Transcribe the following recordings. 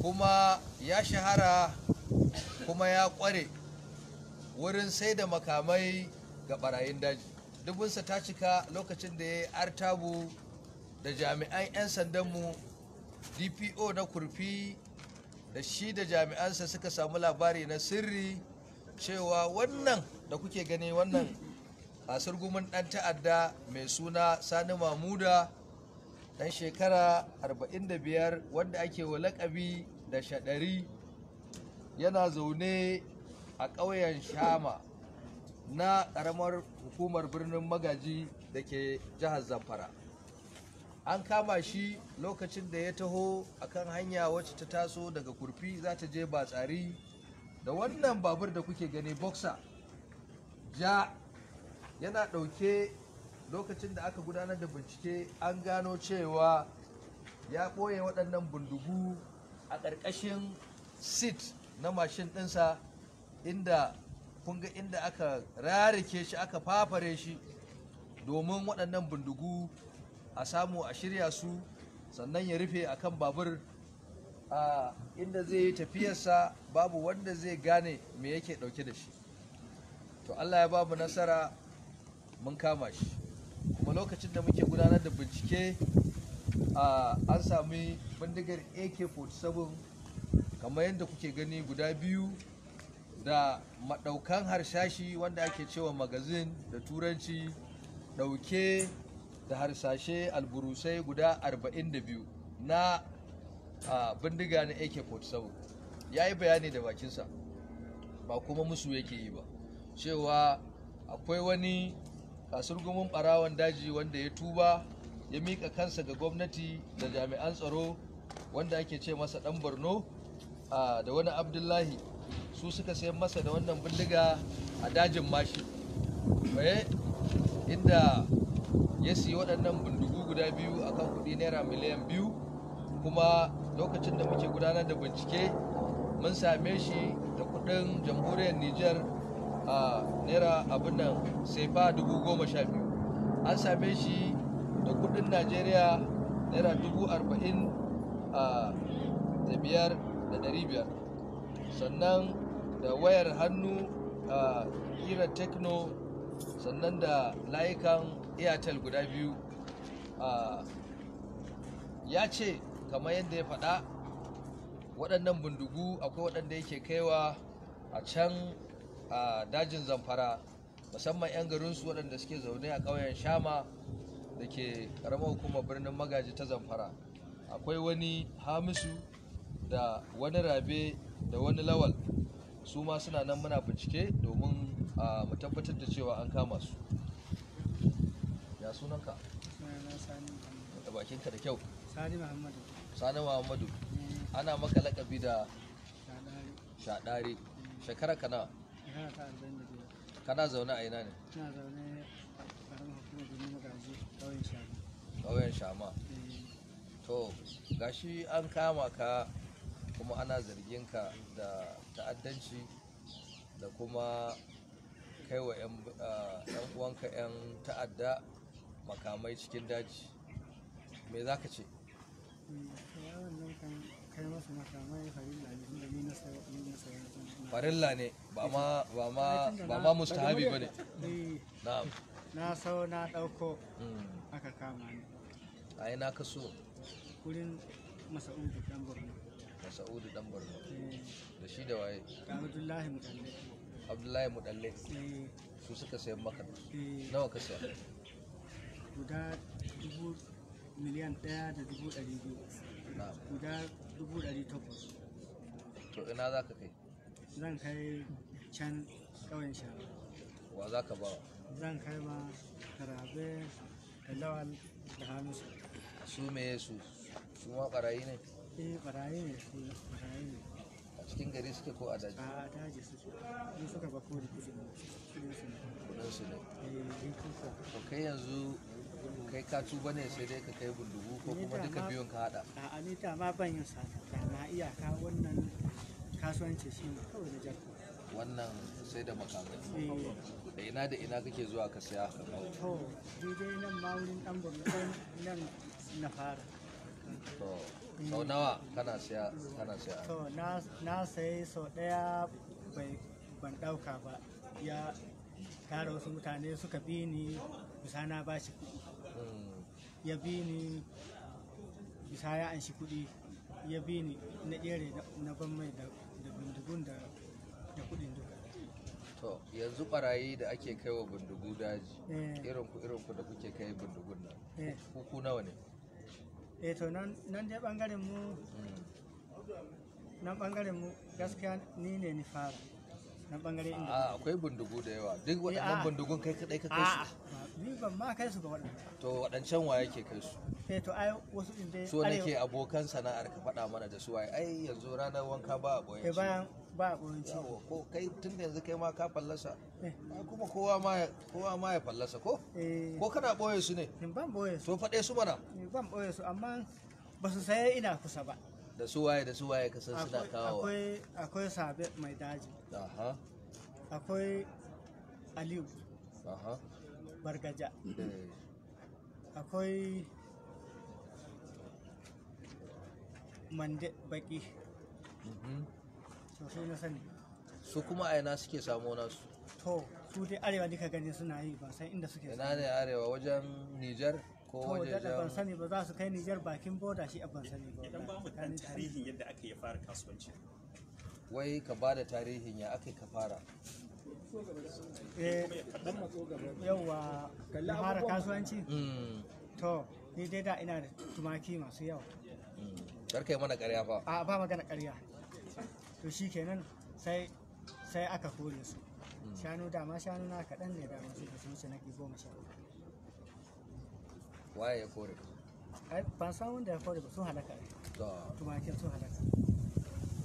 kuma ya shahara kuma ya kware wurin sai da makamai ga barayin daji dubinsa ta cika lokacin da ya yi artabu da jami'an 'yan sandanmu dpo na kurfi da shi da jami'ansa suka samu labari na sirri cewa wannan da kuke gani wannan a gumin dan ta'adda mai suna sani mamuda ɗan shekara 45 wanda ake wa lakabi da shaɗari yana zaune a ƙauyen shama na ƙaramar hukumar birnin magaji da ke jihar zamfara an kama shi lokacin da ya taho akan hanya wacce ta taso daga kurfi za ta je batsari da wannan babur da kuke gani boxer ja yana ɗauke lokacin da aka gudanar da bincike an gano cewa ya ɓoye waɗannan bindigu a ƙarƙashin sit na mashin ɗinsa inda kunga inda aka rarike shi aka fafare shi domin waɗannan bindigu a samu a shirya su sannan ya rufe a kan babur a inda zai yi tafiyarsa babu wanda zai gane me yake ɗauke da shi to allah ya babu nasara mun kama shi lokacin da muke gudanar da bincike an sami bindigar ak-47 kamar yadda kuke gani guda biyu da madaukan harsashi wanda ake cewa magazin da turanci ɗauke da harsashe alburusai guda 42 na bindiga na ak-47 ya yi bayani da bakinsa ba kuma musu yake yi ba cewa akwai wani kasurgumin barawan daji wanda ya tuba ya mika kansa ga gwamnati da jami'an tsaro wanda ake ce masa dan borno da wani abdullahi su suka sayan masa da wannan bindiga a dajin mashi eh, inda ya siyi waɗannan bindigu guda biyu akan kuɗi naira miliyan biyu kuma lokacin da muke gudanar da bincike mun same shi da kuɗin jamhuriyar niger a naira abin nan sai fa dubu goma sha biyu an same shi da kudin najeriya naira dubu arba'in a da biyar da dari biyar sannan da wayar hannu a kira tekno sannan da layukan airtel guda biyu a ya ce kamar yadda ya faɗa waɗannan bindigu akwai waɗanda yake kaiwa a can a dajin zamfara musamman 'yan garinsu waɗanda suke zaune a ƙauyen shama da ke ƙaramar hukumar birnin magaji ta zamfara akwai wani hamisu da wani rabe da wani lawal su ma suna nan muna bincike domin mu tabbatar da cewa an kama su ya sunanka da bakinka da kyau sani muhammadu sani muhammadu eh. ana maka lakabi da shaɗari shekara kana kana zaune a ina ne ina ƙauyen shama ƙauyen shama eh. to gashi an kama ka kuma ana zargin ka da ta'addanci da kuma kai wa 'yan uwanka 'yan ta'adda makamai cikin daji me za ka ce eh, farilla ne ba ma mustahabi ba ne. na sau na dauko hmm. aka kama ne. A yi na kaso wurin masa'udu dan borno masa'udu dan borno eh. da shi da waye abdullahi mudalle abdullahi mudalle eh. su suka sayan maka eh. nawa ka saya guda dubu miliyan daya da dubu ɗari biyu guda dubu ɗari takwas to ina za ka kai zan kai can ƙauyen shara wa za ka ba zan kai ma karabe da lawal da hamisu su me su su ma ɓarayi ne eh ɓarayi ne su ɓarayi ne a cikin gari suke ko a daji a daji suke suka ba da kudin su ne kudin su ne eh to kai yanzu kai ka tuba ne sai dai ka kai bindigu ko kuma duka biyun ka hada a ni ta ma ban yin sata ma iyaka wannan kasuwanci shi ne kawai na jarko wannan sai da makamai eh. da ina da ina kake zuwa ka siya ka kawo to daidai nan ma wurin dan gwamnati nan na fara to sau nawa kana siya? kana siya to na sayi sau daya bai ban dauka ba ya tara wasu mutane suka bi ni bisa na shi. kuɗi ya bi ni bisa ya an shi kuɗi ya bi ni na ɗere na ban mai da bindigun da kuɗin duka to yanzu barayi da ake kai wa bindigu daji eh. irin ku irin ku da kuke kai bindigun nan eh. ku nawa ne eh to nan nan dai bangaren mu mm. nan bangaren mu gaskiya ni ne ni fara na bangare inda a ah, akwai bindigu da yawa duk waɗannan eh, ah. bindigun kai kadai ka kai su ah, ni ban ma kai su ba waɗannan to waɗancan wa ke kai su eh to ai wasu din dai so nake abokan sana'ar ka faɗa mana da su waye ai yanzu ranar wanka ba a boye eh, bayan ba a boye ko kai tun da yanzu kai ma ka fallasa eh. kuma kowa ma kowa ma ya fallasa ko ko kana boye su ne ban boye su to faɗe su mana ban boye su amma ba su saye ina kusa ba da su waye da su waye ka san suna kawo akwai akwai sabe mai daji aha akwai aliyu aha bargaja eh. akwai mande baki mhm. sosai na sani su kuma aina suke samo nasu to su dai arewa duka gani suna yi ba san inda suke ina ne arewa wajen nijar to da ban sani ba za su kai Nijar bakin boda shi ban sani ba idan ba mu kan tarihin yadda aka yi fara kasuwanci wai ka ba da tarihin ya aka ka fara eh, yauwa fara kasuwanci mm. to ni dai da ina da tumaki masu yawa mm. karka yi mana karya ba. a ba magana karya to shi kenan sai sai aka kore su mm. shanu dama shanu na kaɗan ne da su da sun su na goma sha waye ya kore ai ba san wanda ya kore ba sun halaka to tumakin sun halaka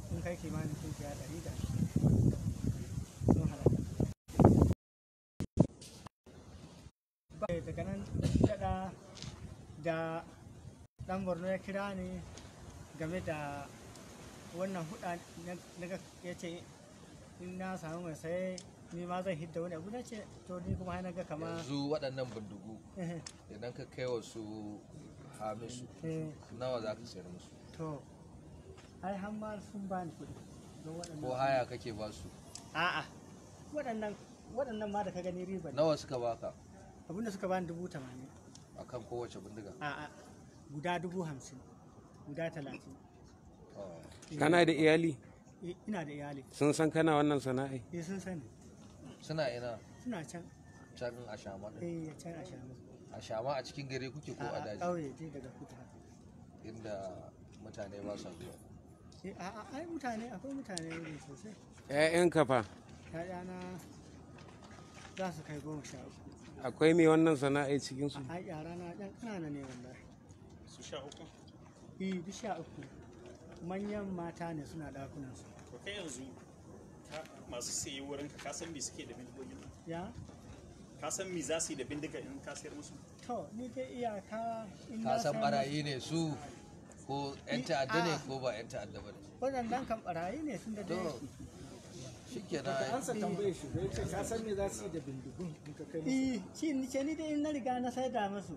sun kai kimanin tunkiya ɗari da sun halaka daga nan daɗa da ɗan borno ya kira ni game da wannan huɗa ya yace in na samu mai sai ni ma zan hidda wani abu ce to ni kuma na ga kama yanzu waɗannan bindigu eh. idan ka kai wa su hamisu eh. nawa za ka sayar musu to ai har ma sun ba ni kuɗi ko haya kake ba su a'a waɗannan waɗannan ma da ka gani riba nawa suka baka abin da suka bani dubu tamanin a kan kowace bindiga a'a guda dubu hamsin guda talatin kana da iyali eh, ina da iyali sun san kana wannan sana'a eh sun sani suna ina suna can can a shama eh can a shama a shama a cikin gari kuke ko a daji kauye dai daga kuta inda mutane ba sa zuwa eh, a'a ai mutane akwai mutane ne sosai ƴaƴan kafa yana za su kai goma sha uku akwai mai wannan sana'a cikin su ai yara na ɗan ƙanana ne wallahi su sha uku eh bi sha uku manyan mata ne suna ɗakunan su kai yanzu masu sayi wurin ka san me suke da bindigogin ya ka san me za su yi da bindiga in ka sayar musu to ni iya ka in ka san barayi ne su ko 'yan ta'adda ne ko ba 'yan ta'adda ba ne waɗannan kan barayi ne tun da dai shikenan ansa tambaye shi da yace ka san me za su yi da bindigun in ka kai eh shi ni ce ni dai na riga na saida musu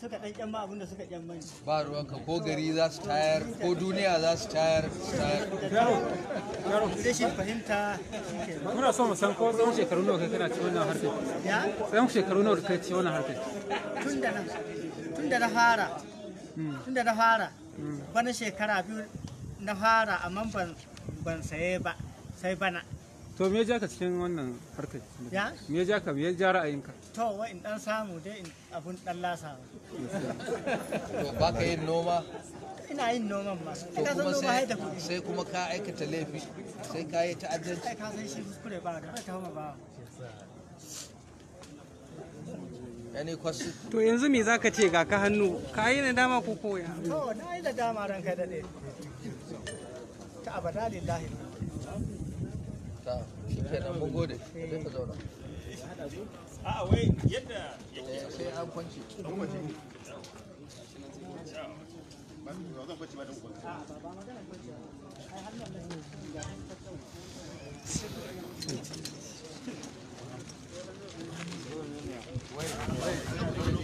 suka dan kyan ma abin da suka kyan mani ba ruwanka ko gari za su tayar ko duniya za su tayar tayar yaro fahimta muna so mu san ko tsawon shekaru nawa kai kana ci wannan harkar ya tsawon shekaru nawa kai ci wannan tun da nan tun da na fara hmm. tun da na fara hmm. bana shekara biyu na fara amma ban saye ba sai bana to me ya ka cikin wannan harkar ya me ja ka me ja ra'ayinka to wa in dan samu dai in abun dan lasa to ba ka yin noma ina yin noman ma to kuma sai sai kuma ka aikata laifi sai ka yi ta'addanci kai ka san shi kuskure ba da ta ba yani kwasu to yanzu me zaka ce ga ka hannu ka yi na dama ko koya to na yi da dama ranka dade ta abada lillahi ta shi ke nan mun gode ka a wai yadda yake eh, sai an an